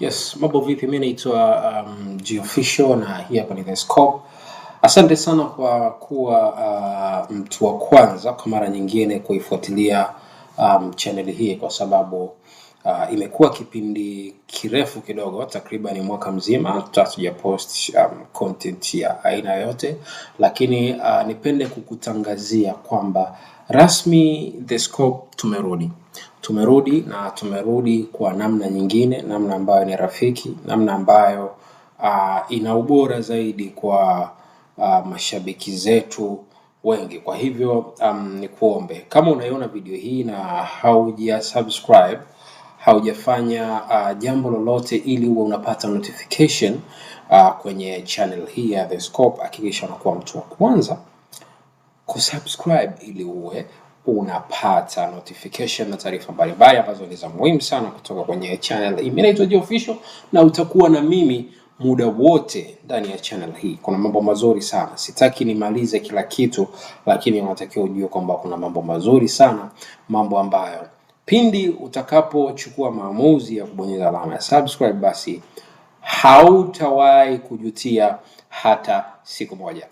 Yes, mambo vipi? Mimi naitwa um, Geofisho na hii hapa ni The Scope. Asante sana kwa kuwa uh, mtu wa kwanza kwa mara nyingine kuifuatilia um, chaneli hii kwa sababu Uh, imekuwa kipindi kirefu kidogo, takriban mwaka mzima hatuja post um, content ya aina yoyote, lakini uh, nipende kukutangazia kwamba rasmi The Scope tumerudi, tumerudi na tumerudi kwa namna nyingine, namna ambayo ni rafiki, namna ambayo uh, ina ubora zaidi kwa uh, mashabiki zetu wengi. Kwa hivyo um, ni kuombe kama unaiona video hii na hauja subscribe haujafanya uh, jambo lolote ili uwe unapata notification uh, kwenye channel hii ya The Scope, hakikisha unakuwa mtu wa kwanza kusubscribe ili uwe unapata notification na taarifa mbalimbali ambazo ni za muhimu sana kutoka kwenye channel hii. Mimi naitwa Official na utakuwa na mimi muda wote ndani ya channel hii. Kuna mambo mazuri sana, sitaki nimalize kila kitu, lakini unatakiwa ujue kwamba kuna mambo mazuri sana, mambo ambayo pindi utakapochukua maamuzi ya kubonyeza alama ya subscribe, basi hautawahi kujutia hata siku moja.